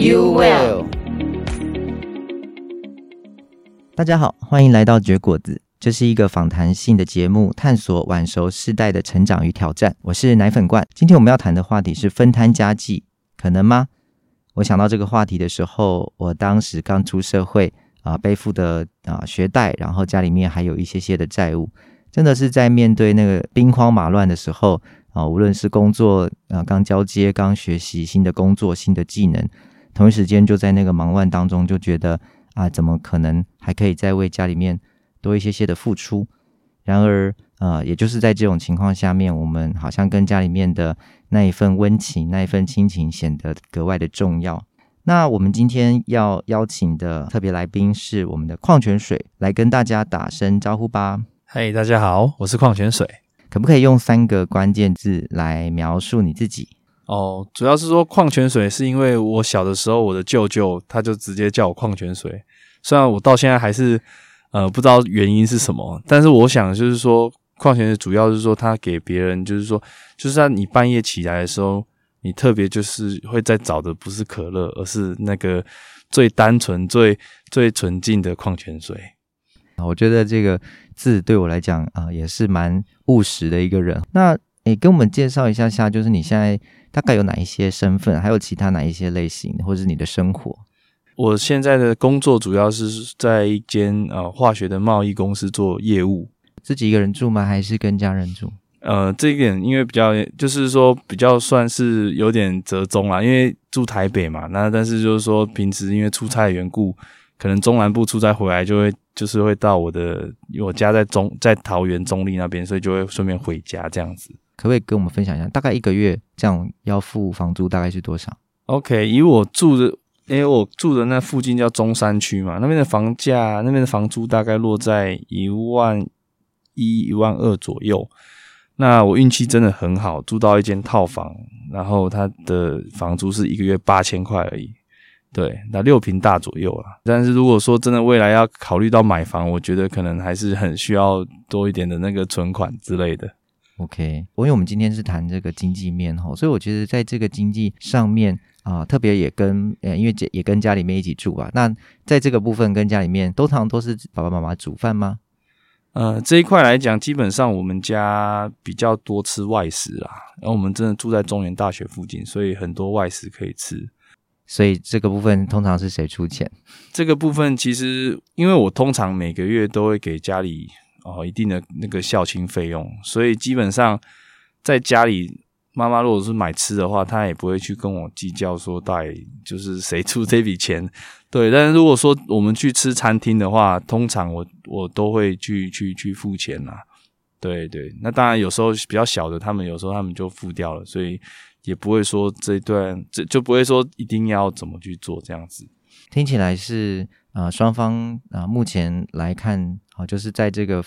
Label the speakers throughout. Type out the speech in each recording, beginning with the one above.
Speaker 1: You will。大家好，歡迎來到絕果子。這是一個訪談性的節目，探索晚熟世代的成長與挑戰。我是奶粉罐。今天我們要談的話題是分擔家計，可能嗎？我想到這個話題的時候，我當時剛出社會啊、呃，背負的啊、呃、學貸，然後家裡面還有一些些的債務，真的是在面對那個兵荒馬亂的時候啊、呃，無論是工作啊、呃、剛交接，剛學習新的工作，新的技能。同一時間就在那個忙亂當中，就覺得啊，怎麼可能還可以再為家裡面多一些些的付出？然而，呃，也就是在這種情況下面，我們好像跟家裡面的那一份溫情、那一份親情顯得格外的重要。那我們今天要邀請的特別來賓是我們的礦泉水，來跟大家打聲招呼吧。嗨，hey, 大家好，我是礦泉水。可不可以用三個關鍵字來描述你自己？
Speaker 2: 哦，主要是說礦泉水，是因為我小的時候，我的舅舅他就直接叫我礦泉水。雖然我到現在還是呃不知道原因是什麼，但是我想就是說礦泉水，主要是說它給別人，就是說就是在你半夜起來的時候，你特別就是會在找的不是可樂，而是那個最單純、最最純淨的礦泉水。
Speaker 1: 我覺得這個字對我來講啊、呃，也是蠻務實的一個人。那你跟我們介紹一下下，就是你現在。大概有哪一些身份，還有其他哪一些類型，或者是你的生活？
Speaker 2: 我現在的工作主要是在一間呃化學的貿易公司做業務。自己一個人住嗎？還是跟家人住？呃，這一點因為比較，就是說比較算是有點折中啦。因為住台北嘛，那但是就是說平時因為出差的緣故，可能中南部出差回來，就會就是會到我的，因為我家在中在桃園中壢那邊，所以就會順便回家這樣子。
Speaker 1: 可不可以跟我們分享一下，大概一個月這樣要付房租大概是多少
Speaker 2: ？OK，以我住的，欸、因為我住的那附近叫中山區嘛，那邊的房價、那邊的房租大概落在一萬一、一萬二左右。那我運氣真的很好，住到一間套房，然後他的房租是一個月八千塊而已。對，那六坪大左右啦，但是如果說真的未來要考慮到買房，我覺得可能還是很需要多一點的那個存款之類的。OK，
Speaker 1: 我因為我們今天是談這個經濟面吼，所以我覺得在這個經濟上面啊、呃，特別也跟呃，因為也跟家裡面一起住啊，那在這個部分跟家裡面，通常常都是爸爸媽媽煮飯嗎？
Speaker 2: 呃，這一塊來講，基本上我們家比較多吃外食啦，然後我們真的住在中原大學附近，所以很多外食可以吃。所以這個部分通常是誰出錢？這個部分其實因為我通常每個月都會給家裡。哦，一定的那個孝親費用，所以基本上在家裡，媽媽如果是買吃的話，她也不會去跟我計較說帶就是誰出這筆錢。對，但是如果說我們去吃餐廳的話，通常我我都會去去去付錢啦。對對，那當然有時候比較小的，他們有時候他們就付掉了，所以也不會說這段這就不會說一定要怎麼去做這樣子。
Speaker 1: 聽起來是啊，呃，雙方啊，呃，目前來看。哦、就是在這個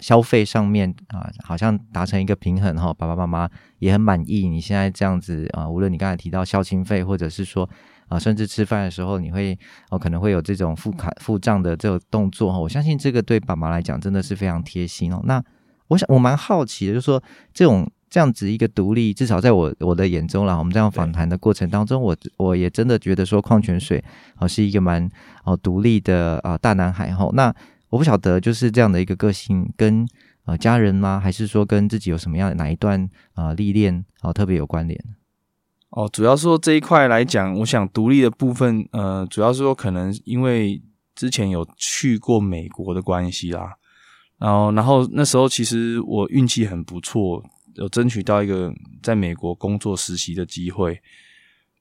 Speaker 1: 消費上面啊，好像達成一個平衡哈，哦，爸爸媽媽也很滿意你現在這樣子啊。無論你剛才提到孝親費，或者是說啊，甚至吃飯的時候，你會哦可能會有這種付款付賬的這個動作，哦、我相信這個對爸媽來講真的是非常貼心哦。那我想我蠻好奇的就是說，就說這種這樣子一個獨立，至少在我我的眼中啦，我們這樣訪談的過程當中，對我我也真的覺得說礦泉水哦是一個蠻哦獨立的啊，哦、大男孩吼。那我不曉得，就是這樣的一個個性跟，跟呃家人嗎？還是說跟自己有什麼樣的哪一段啊、呃、歷練啊、呃、特別有關聯？哦，
Speaker 2: 主要是說這一塊來講，我想獨立的部分，呃，主要是說可能因為之前有去過美國的關係啦，然後然後那時候其實我運氣很不錯，有爭取到一個在美國工作實習的機會。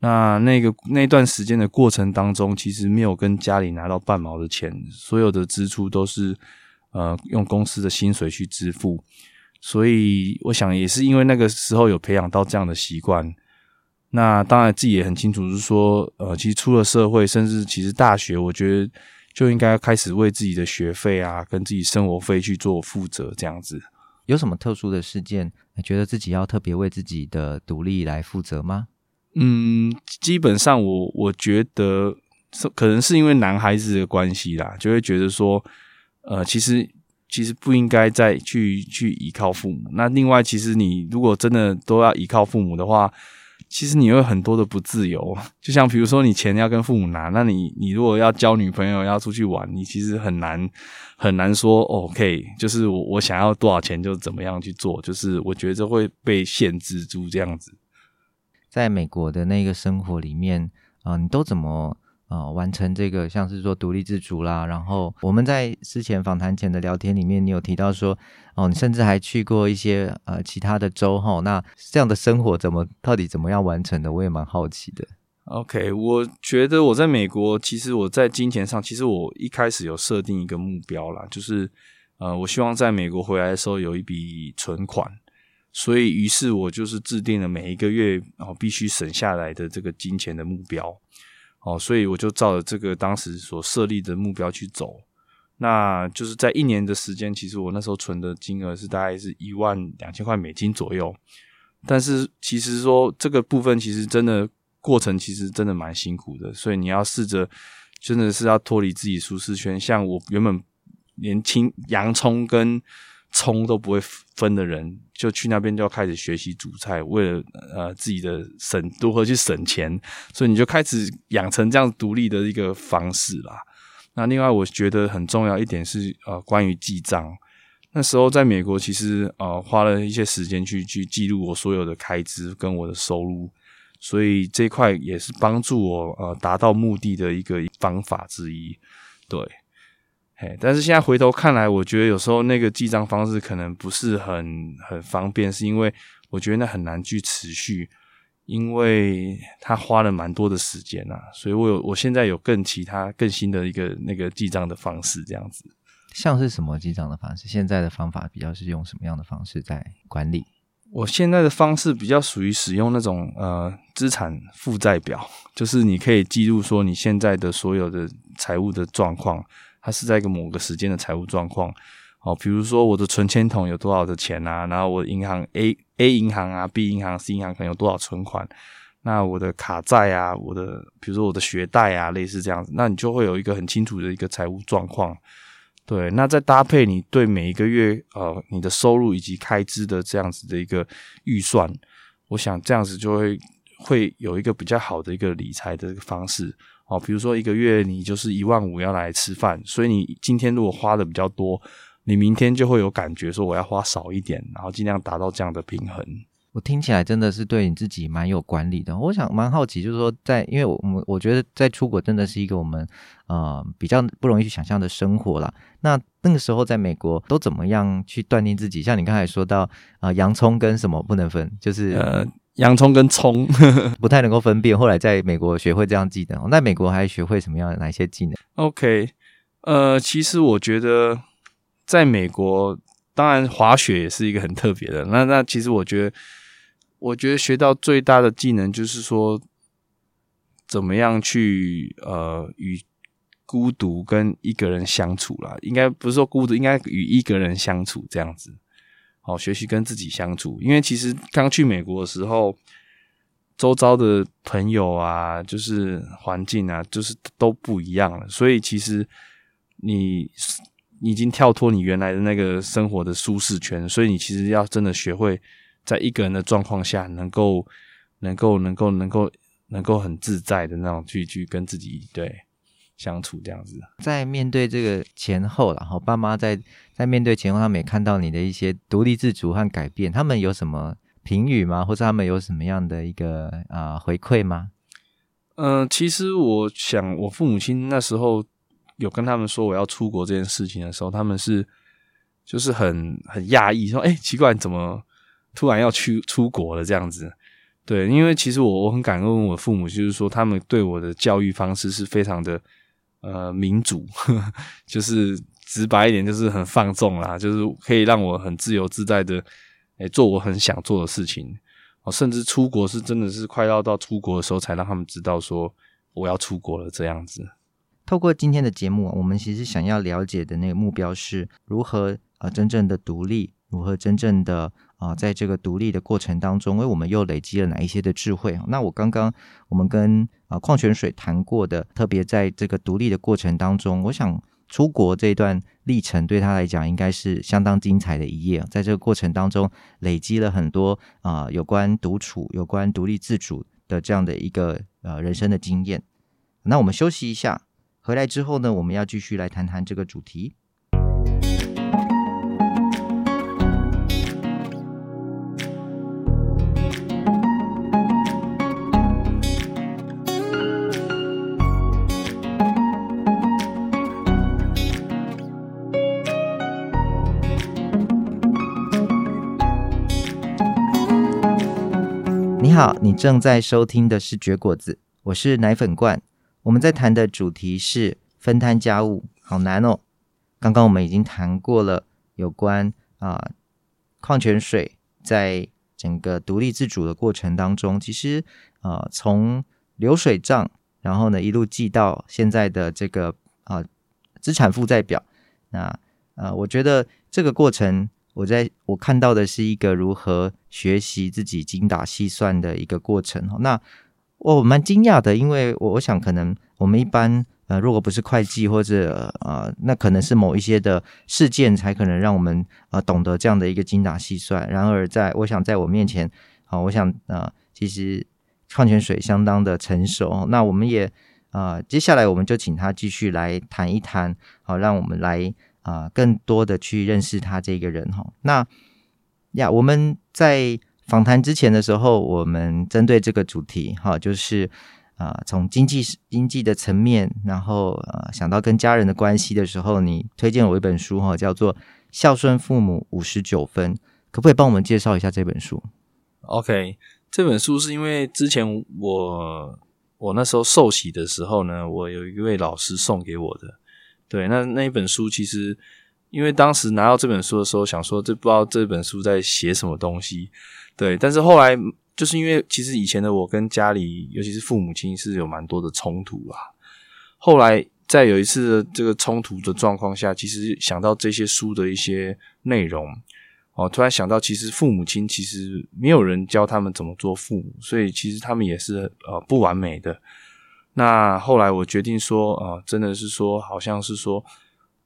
Speaker 2: 那那個那段時間的過程當中，其實沒有跟家裡拿到半毛的錢，所有的支出都是呃用公司的薪水去支付，所以我想也是因為那個時候有培養到這樣的習慣。那當然自己也很清楚，是說呃其實出了社會，甚至其實大學，我覺得就應該開始為自己的學費啊跟自己生活費去做負責，這樣子。有什麼特殊的事件，
Speaker 1: 覺得自己要特別為自己的獨立來負責嗎？
Speaker 2: 嗯，基本上我我覺得是可能是因為男孩子的關係啦，就會覺得說，呃，其實其實不應該再去去依靠父母。那另外，其實你如果真的都要依靠父母的話，其實你會很多的不自由。就像比如說，你錢要跟父母拿，那你你如果要交女朋友要出去玩，你其實很難很難說 OK，就是我我想要多少錢就怎麼樣去做，就是我覺得會被限制住這樣子。
Speaker 1: 在美國的那個生活裡面，嗯、呃，你都怎麼啊、呃、完成這個？像是說獨立自主啦，然後我們在之前訪談前的聊天裡面，你有提到說，哦、呃，你甚至還去過一些呃其他的州哈。那這樣的生活怎麼到底怎麼樣完成的？我也蠻好奇的。
Speaker 2: OK，我覺得我在美國，其實我在金錢上，其實我一開始有設定一個目標啦，就是呃，我希望在美國回來的時候有一筆存款。所以，於是我就是制定了每一個月哦必須省下來的這個金錢的目標，哦，所以我就照著這個當時所設立的目標去走。那就是在一年的時間，其實我那時候存的金額是大概是一萬兩千塊美金左右。但是，其實說這個部分，其實真的過程，其實真的蠻辛苦的。所以，你要試着真的是要脫離自己舒適圈。像我原本連青洋蔥跟蔥都不會分的人，就去那邊就要開始學習煮菜，為了呃自己的省如何去省錢，所以你就開始養成這樣獨立的一個方式啦。那另外我覺得很重要一點是呃關於記賬，那時候在美國其實呃花了一些時間去去記錄我所有的開支跟我的收入，所以這一塊也是幫助我呃達到目的的一個方法之一，對。Hey, 但是現在回頭看來，我覺得有時候那個記賬方式可能不是很很方便，是因為我覺得那很難去持續，因為他花了蠻多的時間啊，所以我有我現在有更其他更新的一個那個記賬的方式，這樣子。
Speaker 1: 像是什麼記賬的方式？現在的方法比較是用什麼樣的方式在管理？
Speaker 2: 我現在的方式比較屬於使用那種呃資產負債表，就是你可以記錄說你現在的所有的財務的狀況。它是在一個某個時間的財務狀況，哦，比如說我的存錢筒有多少的錢啊，然後我的銀行 A A 銀行啊，B 銀行、C 銀行可能有多少存款，那我的卡債啊，我的比如說我的學貸啊，類似這樣子，那你就會有一個很清楚的一個財務狀況。對，那再搭配你對每一個月呃你的收入以及開支的這樣子的一個預算，我想這樣子就會會有一個比較好的一個理財的一個方式。哦，比如說一個月你就是一萬五要來吃飯，所以你今天如果花的比較多，你明天就會有感覺說我要花少一點，然後盡量達到這樣的平衡。
Speaker 1: 我聽起來真的是對你自己蠻有管理的。我想蠻好奇，就是說在，因為我我覺得在出國真的是一個我們啊、呃、比較不容易去想象的生活啦。那那個時候在美國都怎麼樣去鍛煉自己？像你剛才說到啊、呃，洋蔥跟什麼不能分，就是呃。
Speaker 2: 洋蔥跟蔥呵
Speaker 1: 呵，不太能夠分辨，後來在美國學會這樣技能。那美國還學會什麼樣的哪些技能
Speaker 2: ？OK，呃，其實我覺得在美國，當然滑雪也是一個很特別的。那那其實我覺得，我覺得學到最大的技能就是說，怎麼樣去呃與孤獨跟一個人相處啦。應該不是說孤獨，應該與一個人相處這樣子。哦，學習跟自己相處，因為其實剛去美國的時候，周遭的朋友啊，就是環境啊，就是都不一樣了。所以其實你，你已經跳脫你原來的那個生活的舒適圈，所以你其實要真的學會在一個人的狀況下能，能夠能夠能夠能夠能夠很自在的那種去去跟自己，對。相處這樣子，在面對這個前
Speaker 1: 後，然後爸媽在在面對前後，他們也看到你的一些獨立自主和改變，他們有什麼評語嗎？或者他們有什麼樣的一個啊、呃、回饋嗎？嗯、
Speaker 2: 呃，其實我想，我父母親那時候有跟他們說我要出國這件事情的時候，他們是就是很很訝異，說：“哎、欸，奇怪，怎麼突然要去出國了這樣子？”對，因為其實我我很感恩我父母，就是說他們對我的教育方式是非常的。呃，民主哈哈，就是直白一點，就是很放縱啦，就是可以讓我很自由自在的，哎、欸，做我很想做的事情，哦，甚至出國是真的是快要到出國的時候，才讓他們知道說我要出國了這樣子。
Speaker 1: 透過今天的節目，我們其實想要了解的那個目標是，如何呃真正的獨立，如何真正的。啊、呃，在這個獨立的過程當中，為我們又累積了哪一些的智慧？那我剛剛我們跟啊、呃、礦泉水談過的，特別在這個獨立的過程當中，我想出國這段歷程對他來講應該是相當精彩的一頁，在這個過程當中累積了很多啊、呃、有關獨處、有關獨立自主的這樣的一個呃人生的經驗。那我們休息一下，回來之後呢，我們要繼續來談談這個主題。你正在收聽的是《絕果子》，我是奶粉罐。我們在談的主題是分擔家計，好難哦。剛剛我們已經談過了有關啊、呃、礦泉水，在整個獨立自主的過程當中，其實啊、呃、從流水賬，然後呢一路記到現在的這個啊、呃、資產負債表。那呃，我覺得這個過程。我在我看到的是一個如何學習自己精打細算的一個過程。那我、哦、蠻驚訝的，因為我我想可能我們一般呃，如果不是會計或者呃，那可能是某一些的事件才可能讓我們呃懂得這樣的一個精打細算。然而在我想在我面前，啊、呃，我想啊、呃，其實礦泉水相當的成熟。那我們也啊、呃，接下來我們就請他繼續來談一談。好、哦，讓我們來。啊、呃，更多的去認識他這個人哈。那呀，我們在訪談之前的時候，我們針對這個主題哈，就是啊，從、呃、經濟經濟的層面，然後啊、呃，想到跟家人的關係的時候，你推薦我一本書哈，叫做《孝順父母五十九分》，可不可以幫我們介紹一下這本
Speaker 2: 書？OK，這本書是因為之前我我那時候受洗的時候呢，我有一位老師送給我的。對，那那一本書其實，因為當時拿到這本書的時候，想說這不知道這本書在寫什麼東西。對，但是後來就是因為其實以前的我跟家裡，尤其是父母親是有蠻多的衝突啊。後來在有一次的這個衝突的狀況下，其實想到這些書的一些內容，哦、啊，突然想到其實父母親其實沒有人教他們怎麼做父母，所以其實他們也是呃、啊、不完美的。那後來我決定說，呃，真的是說，好像是說，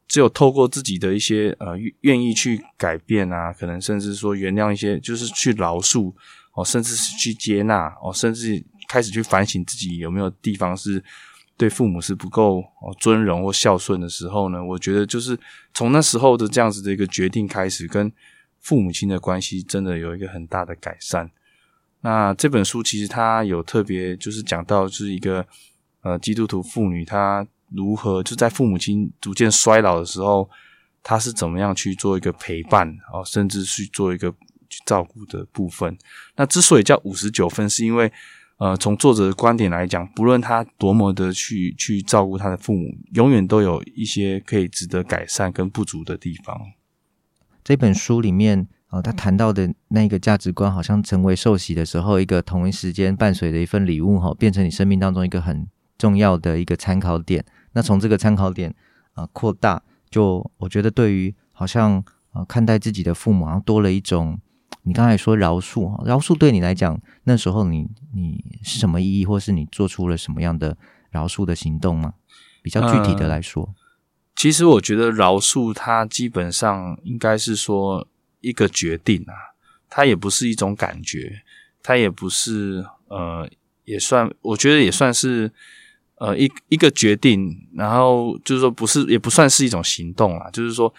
Speaker 2: 只有透過自己的一些呃願意去改變啊，可能甚至說原諒一些，就是去饒恕哦、呃，甚至是去接納哦、呃，甚至開始去反省自己有沒有地方是對父母是不夠哦、呃、尊榮或孝順的時候呢，我覺得就是從那時候的這樣子的一個決定開始，跟父母親的關係真的有一個很大的改善。那這本書其實它有特別就是講到就是一個。呃，基督徒婦女她如何就在父母親逐漸衰老的時候，她是怎麼樣去做一個陪伴，哦，甚至去做一個去照顧的部分？那之所以叫五十九分，是因為呃，從作者的觀點來講，不論他多麼的去去照顧他的父母，永遠都有一些可以值得改善跟不足的地方。
Speaker 1: 這本書裡面呃、哦，他談到的那個價值觀，好像成為受洗的時候，一個同一時間伴隨的一份禮物，哈、哦，變成你生命當中一個很重要的一個參考點。那從這個參考點啊，呃，擴大，就我覺得對於好像呃看待自己的父母，好像多了一種你剛才說饒恕，饒恕對你來講那時候你你是什麼意義，或是你做出了什麼樣的饒恕的行動嗎？比較具體的來說，
Speaker 2: 呃，其實我覺得饒恕它基本上應該是說一個決定啊，它也不是一種感覺，它也不是呃也算，我覺得也算是。呃，一一個決定，然後就是說，不是也不算是一種行動啦，就是說，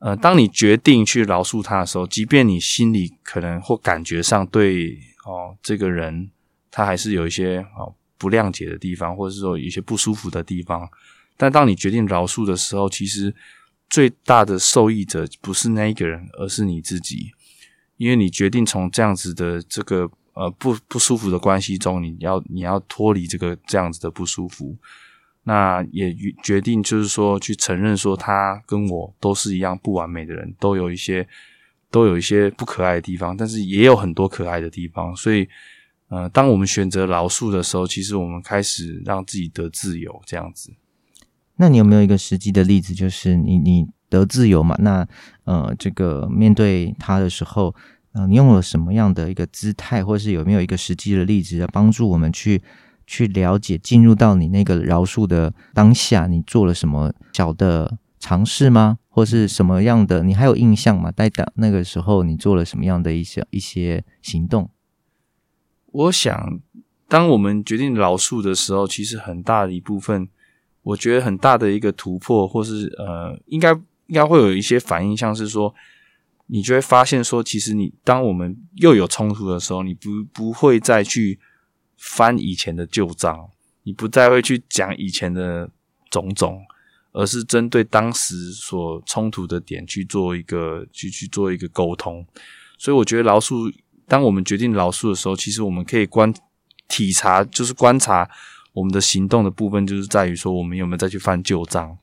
Speaker 2: 呃，當你決定去饒恕他的時候，即便你心裡可能或感覺上對哦這個人，他還是有一些哦不諒解的地方，或者是說有一些不舒服的地方，但當你決定饒恕的時候，其實最大的受益者不是那一個人，而是你自己，因為你決定從這樣子的這個。呃，不不舒服的關係中，你要你要脫離這個這樣子的不舒服，那也決定就是說去承認說他跟我都是一樣不完美的人，都有一些都有一些不可愛的地方，但是也有很多可愛的地方。所以，呃，當我們選擇饒恕的時候，其實我們開始讓自己得自由，這樣子。
Speaker 1: 那你有沒有一個實際的例子，就是你你得自由嘛？那呃，這個面對他的時候。嗯，你用了什麼樣的一個姿態，或是有沒有一個實際的例子來幫助我們去去了解，進入到你那個饒恕的當下，你做了什麼小的嘗試嗎？或是什麼樣的？你還有印象嗎？在那個時候，你做了什麼樣的一些一些行動？
Speaker 2: 我想，當我們決定饒恕的時候，其實很大的一部分，我覺得很大的一個突破，或是呃，應該應該會有一些反應，像是說，你就會發現說，其實你，當我們又有衝突的時候，你不不會再去翻以前的舊賬，你不再會去講以前的種種，而是針對當時所衝突的點去做一個去去做一個溝通。所以，我覺得饒恕，當我們決定饒恕的時候，其實我們可以觀體察，就是觀察我們的行動的部分，就是在於說我們有沒有再去翻舊賬。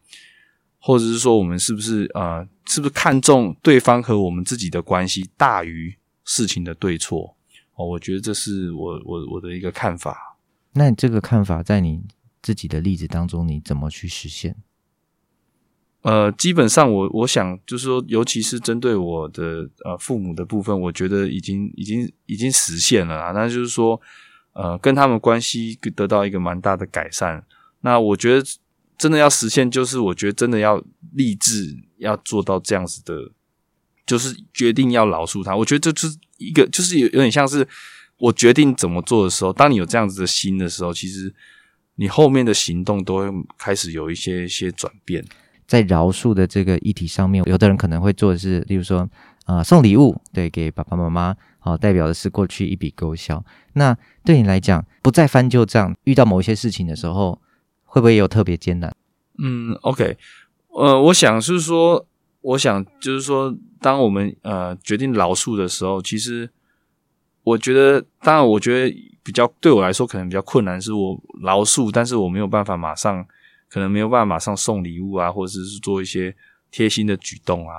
Speaker 2: 或者是說，我們是不是呃，是不是看重對方和我們自己的關係大於事情的對錯？哦，我覺得這是我我我的一個看法。
Speaker 1: 那你這個看法在你自己的例子當中，你怎麼去實現？
Speaker 2: 呃，基本上我我想就是說，尤其是針對我的呃父母的部分，我覺得已經已經已經實現了啊。那就是說，呃，跟他們關係得到一個蠻大的改善。那我覺得。真的要實現，就是我覺得真的要立志要做到這樣子的，就是決定要饒恕他。我覺得這就就是一個，就是有有點像是我決定怎麼做的時候，當你有這樣子的心的時候，其實你後面的行動都會開始有一些一些轉變。
Speaker 1: 在饒恕的這個議題上面，有的人可能會做的是，例如說啊、呃，送禮物，對，給爸爸媽媽，哦，代表的是過去一筆勾銷。那對你來講，不再翻舊賬，遇到某一些事情的時候。會不會有特別艱難？嗯
Speaker 2: ，OK，呃，我想是說，我想就是說，當我們呃決定勞束的時候，其實我覺得，當然，我覺得比較對我來說可能比較困難，是我勞束，但是我沒有辦法馬上，可能沒有辦法馬上送禮物啊，或者是做一些貼心的舉動啊，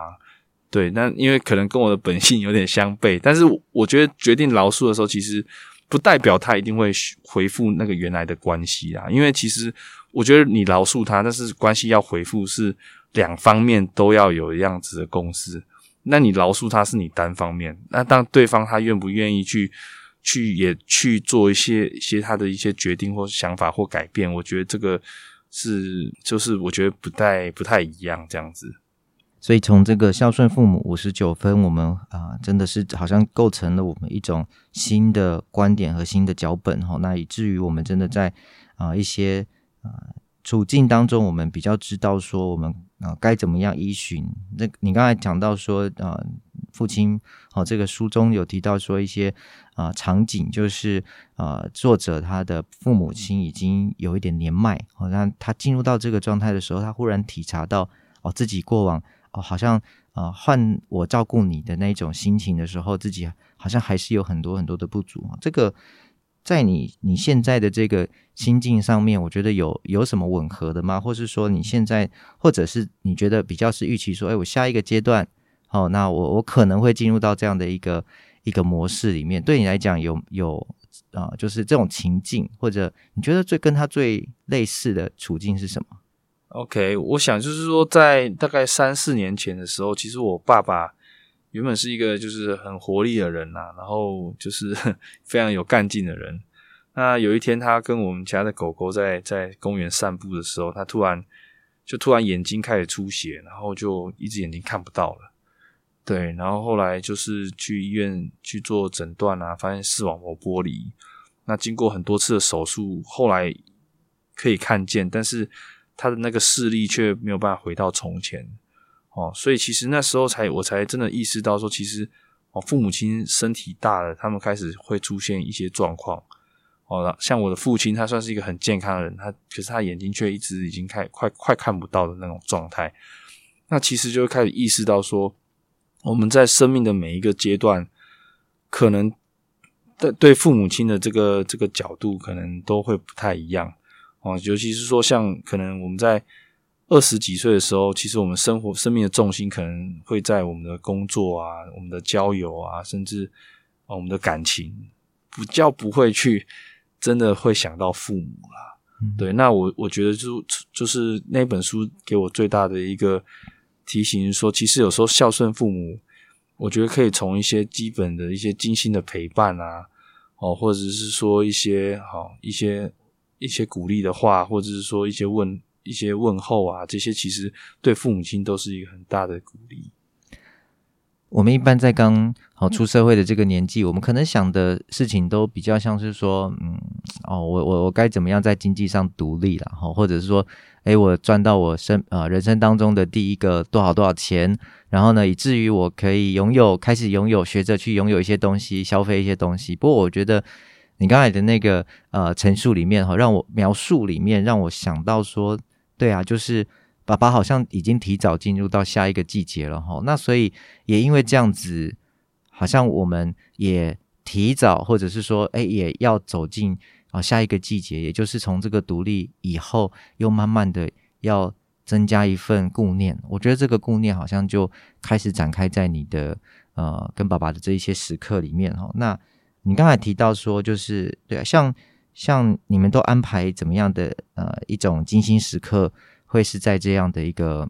Speaker 2: 對，那因為可能跟我的本性有點相悖，但是我覺得決定勞束的時候，其實。不代表他一定會回復那個原來的關係啦。啊，因為其實我覺得你饒恕他，但是關係要恢復是兩方面都要有一樣子的共識。那你饒恕他是你單方面，那當對方他願不願意去去也去做一些一些他的一些決定或想法或改變，我覺得這個是就是我覺得不太不太一樣這樣子。
Speaker 1: 所以從這個孝順父母五十九分，我們啊、呃、真的是好像構成了我們一種新的觀點和新的腳本哈、哦。那以至於我們真的在啊、呃、一些啊、呃、處境當中，我們比較知道說我們啊、呃、該怎麼樣依循。那你剛才講到說啊、呃、父親哦這個書中有提到說一些啊、呃、場景，就是啊、呃、作者他的父母親已經有一點年邁哦，那他進入到這個狀態的時候，他忽然體察到哦自己過往。哦，好像啊、呃、換我照顧你的那一種心情的時候，自己好像還是有很多很多的不足啊。這個在你你現在的這個心境上面，我覺得有有什麼吻合的嗎？或是說你現在，或者是你覺得比較是預期說，哎、欸，我下一個階段，哦，那我我可能會進入到這樣的一個一個模式裡面。對你來講，有有啊、呃，就是這種情境，或者你覺得最跟他最類似的處境是什麼？
Speaker 2: OK，我想就是說，在大概三四年前的時候，其實我爸爸原本是一個就是很活力的人吶、啊，然後就是非常有幹勁的人。那有一天，他跟我們家的狗狗在在公園散步的時候，他突然就突然眼睛開始出血，然後就一隻眼睛看不到了。對，然後後來就是去醫院去做診斷啊，發現視網膜剝離。那經過很多次的手術，後來可以看見，但是。他的那個視力卻沒有辦法回到從前哦，所以其實那時候才我才真的意識到說，其實哦，父母親身體大了，他們開始會出現一些狀況哦。像我的父親，他算是一個很健康的人，他可是他眼睛卻一直已經快快，快快看不到的那種狀態。那其實就會開始意識到說，我們在生命的每一個階段，可能對對父母親的這個這個角度，可能都會不太一樣。哦，尤其是說像可能我們在二十幾歲的時候，其實我們生活生命的重心可能會在我們的工作啊、我們的交友啊，甚至我們的感情，比較不會去真的會想到父母啦、啊。嗯、對，那我我覺得就是、就是那本書給我最大的一個提醒是說，說其實有時候孝順父母，我覺得可以從一些基本的一些精心的陪伴啊，哦，或者是說一些好一些。一些鼓勵的話，或者是說一些問一些問候啊，這些其實對父母親都是一個很大的鼓勵。
Speaker 1: 我們一般在剛好、哦、出社會的這個年紀，我們可能想的事情都比較像是說，嗯，哦，我我我該怎麼樣在經濟上獨立了？然後，哦，或者是說，誒，我賺到我生啊、呃、人生當中的第一個多少多少錢，然後呢，以至於我可以擁有開始擁有學着去擁有一些東西，消費一些東西。不過我覺得。你剛才的那個呃陳述裡面哈，讓我描述裡面讓我想到說，對啊，就是爸爸好像已經提早進入到下一個季節了哈。那所以也因為這樣子，好像我們也提早或者是說，哎，也要走進啊、呃、下一個季節，也就是從這個獨立以後，又慢慢的要增加一份顧念。我覺得這個顧念好像就開始展開在你的呃跟爸爸的這一些時刻裡面哈。那你剛才提到說，就是對啊，像像你們都安排怎麼樣的呃一種精心時刻，會是在這樣的一個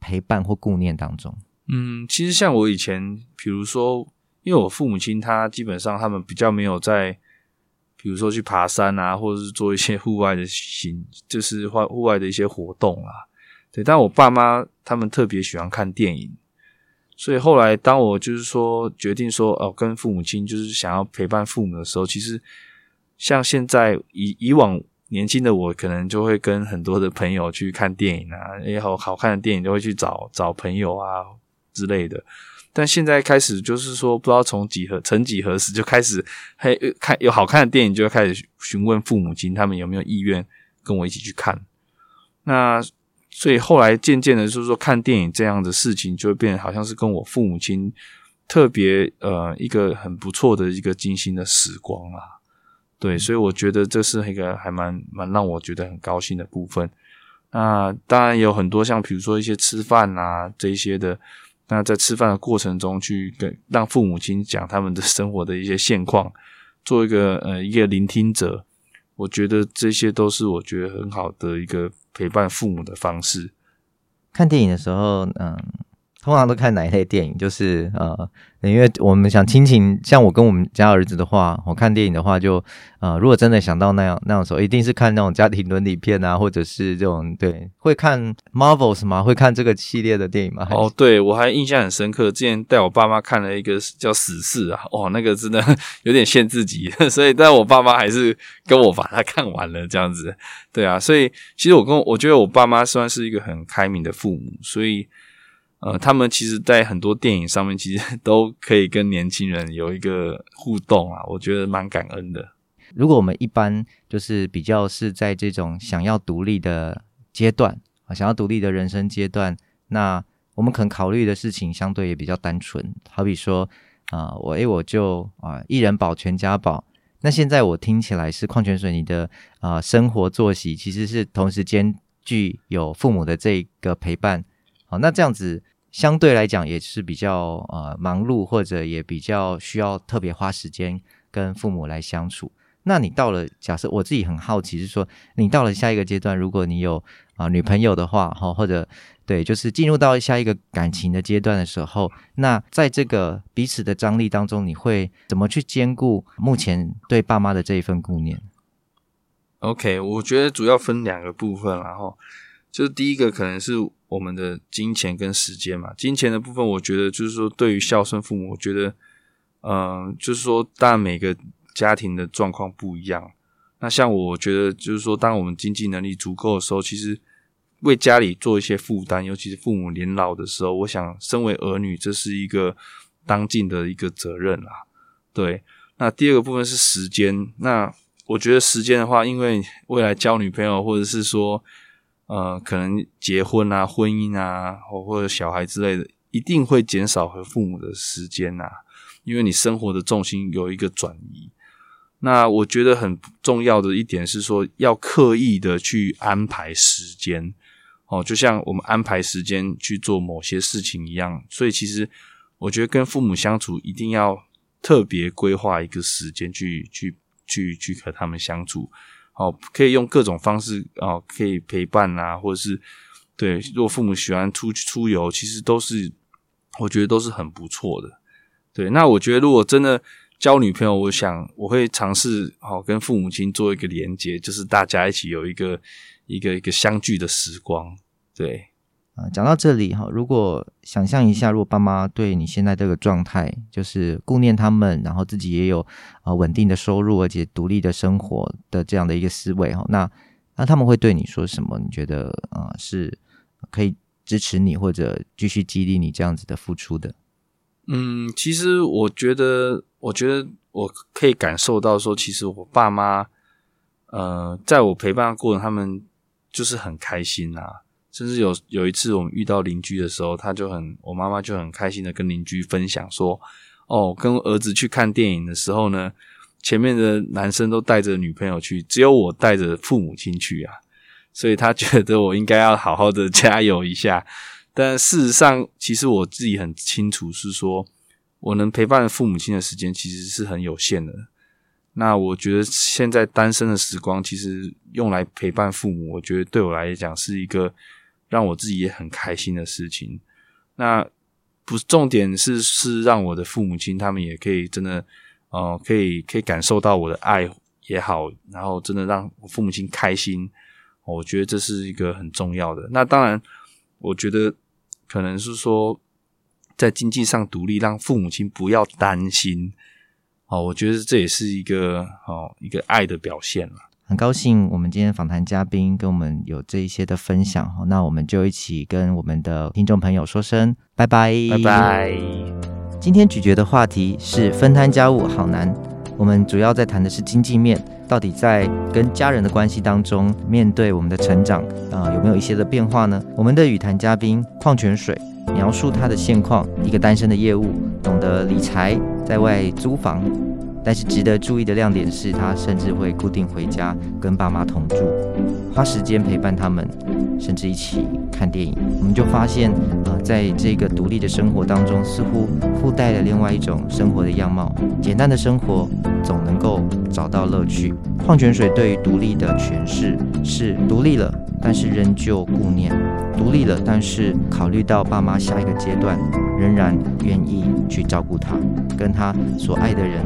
Speaker 1: 陪伴或顧念當中。
Speaker 2: 嗯，其實像我以前，比如說，因為我父母親他基本上他們比較沒有在，比如說去爬山啊，或者是做一些戶外的行，就是戶外的一些活動啊。對，但我爸媽他們特別喜歡看電影。所以後來，當我就是說決定說哦，跟父母親就是想要陪伴父母的時候，其實像現在以以往年輕的我，可能就會跟很多的朋友去看電影啊，也有好，好看的電影，就會去找找朋友啊之類的。但現在開始就是說，不知道從幾何，曾幾何時就開始，還看有好看的電影，就開始詢問父母親，他們有沒有意願跟我一起去看。那。所以後來漸漸的，就是說看電影這樣的事情，就會變好像是跟我父母親特別呃一個很不錯的一個精心的時光啊，對，嗯、所以我覺得這是一個還蠻蠻讓我覺得很高興的部分、啊。那當然有很多像比如說一些吃飯啊這些的，那在吃飯的過程中去跟讓父母親講他們的生活的一些現況，做一個呃一個聆聽者，我覺得這些都是我覺得很好的一個。陪伴父母的方式，
Speaker 1: 看電影的時候，嗯。通常都看哪一類電影？就是呃，因為我們想親情，像我跟我們家兒子的話，我看電影的話就，就呃，如果真的想到那樣那種時候，一定是看那種家庭倫理片啊，或者是這種對。會看 Marvels 嗎？會看這個系列的
Speaker 2: 電影嗎？哦，對，我還印象很深刻，之前帶我爸媽看了一個叫《死侍》啊，哇、哦，那個真的有點限制級，所以但我爸媽還是跟我把它看完了，這樣子。對啊，所以其實我跟我，我覺得我爸媽算是一個很開明的父母，所以。呃、嗯，他們其實，在很多電影上面，其實都可以跟年輕人有一個互動啊，我覺得蠻感恩的。如果我
Speaker 1: 們一般就是比較是在這種想要獨立的階段啊，想要獨立的人生階段，那我們可能考慮的事情相對也比較單純，好比說啊，我誒、欸，我就啊一人飽全家飽。那現在我聽起來是礦泉水，你的啊生活作息其實是同時兼具有父母的這個陪伴。好、哦，那這樣子相對來講也是比較呃忙碌，或者也比較需要特別花時間跟父母來相處。那你到了假設我自己很好奇，是說你到了下一個階段，如果你有啊、呃、女朋友的話哈、哦，或者對，就是進入到下一個感情的階段的時候，那在這個彼此的張力當中，你會怎麼去兼顧目前對爸媽的這一份顧念
Speaker 2: ？OK，我覺得主要分兩個部分，然後就是第一個可能是。我們的金錢跟時間嘛，金錢的部分，我覺得就是說，對於孝順父母，我覺得，嗯，就是說，當然每個家庭的狀況不一樣。那像我覺得，就是說，當我們經濟能力足夠的時候，其實為家裡做一些負擔，尤其是父母年老的時候，我想，身為兒女，這是一個當盡的一個責任啦。對，那第二個部分是時間。那我覺得時間的話，因為未來交女朋友，或者是說。呃，可能結婚啊、婚姻啊，或或者小孩之類的，一定會減少和父母的時間呐、啊，因為你生活的重心有一個轉移。那我覺得很重要的一點是說，要刻意的去安排時間，哦，就像我們安排時間去做某些事情一樣。所以，其實我覺得跟父母相處一定要特別規劃一個時間去去去去和他們相處。好、哦，可以用各種方式哦，可以陪伴啊，或者是對，如果父母喜歡出去出遊，其實都是我覺得都是很不錯的。對，那我覺得如果真的交女朋友，我想我會嘗試好、哦、跟父母親做一個連接，就是大家一起有一個一個一個相聚的時光，對。
Speaker 1: 啊，講到這裡哈，如果想象一下，如果爸媽對你現在這個狀態，就是顧念他們，然後自己也有啊穩定的收入，而且獨立的生活的這樣的一個思維哈，那那他們會對你說什麼？你覺得啊，是可以支持你或者繼續激勵你這樣子的付出的？
Speaker 2: 嗯，其實我覺得，我覺得我可以感受到說，說其實我爸媽呃，在我陪伴的過程，他們就是很開心吶、啊。甚至有有一次，我們遇到鄰居的時候，他就很，我媽媽就很開心的跟鄰居分享說：“哦，跟我兒子去看電影的時候呢，前面的男生都帶着女朋友去，只有我帶着父母親去啊。”所以，他覺得我應該要好好的加油一下。但事實上，其實我自己很清楚，是說我能陪伴父母親的時間其實是很有限的。那我覺得，現在單身的時光，其實用來陪伴父母，我覺得對我來講是一個。讓我自己也很開心的事情，那不重點是是讓我的父母親他們也可以真的，哦，呃，可以可以感受到我的愛也好，然後真的讓我父母親開心，哦，我覺得這是一個很重要的。那當然，我覺得可能是說在經濟上獨立，讓父母親不要擔心，哦，我覺得這也是一個哦一個愛的表現了。
Speaker 1: 很高興我們今天訪談嘉賓跟我們有這一些的分享好，那我們就一起跟我們的聽眾朋友說聲拜拜拜拜。拜拜。今天咀嚼的話題是分擔家計好難，我們主要在談的是經濟面，到底在跟家人的關係當中，面對我們的成長啊、呃，有沒有一些的變化呢？我們的與談嘉賓礦泉水描述他的現況，一個單身的業務，懂得理財，在外租房。但是值得注意的亮點是，他甚至會固定回家跟爸媽同住，花時間陪伴他們，甚至一起看電影。我們就發現，呃，在這個獨立的生活當中，似乎附帶了另外一種生活的樣貌。簡單的生活總能夠找到樂趣。礦泉水對於獨立的詮釋是：獨立了，但是仍舊顧念；獨立了，但是考慮到爸媽下一個階段，仍然願意去照顧他，跟他所愛的人。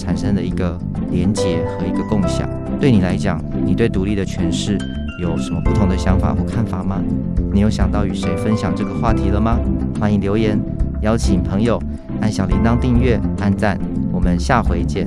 Speaker 1: 產生的一個連接和一個共享，對你來講，你對獨立的詮釋有什麼不同的想法或看法嗎？你有想到與誰分享這個話題了嗎？歡迎留言，邀請朋友，按小鈴鐺訂閱，按讚，我們下回見。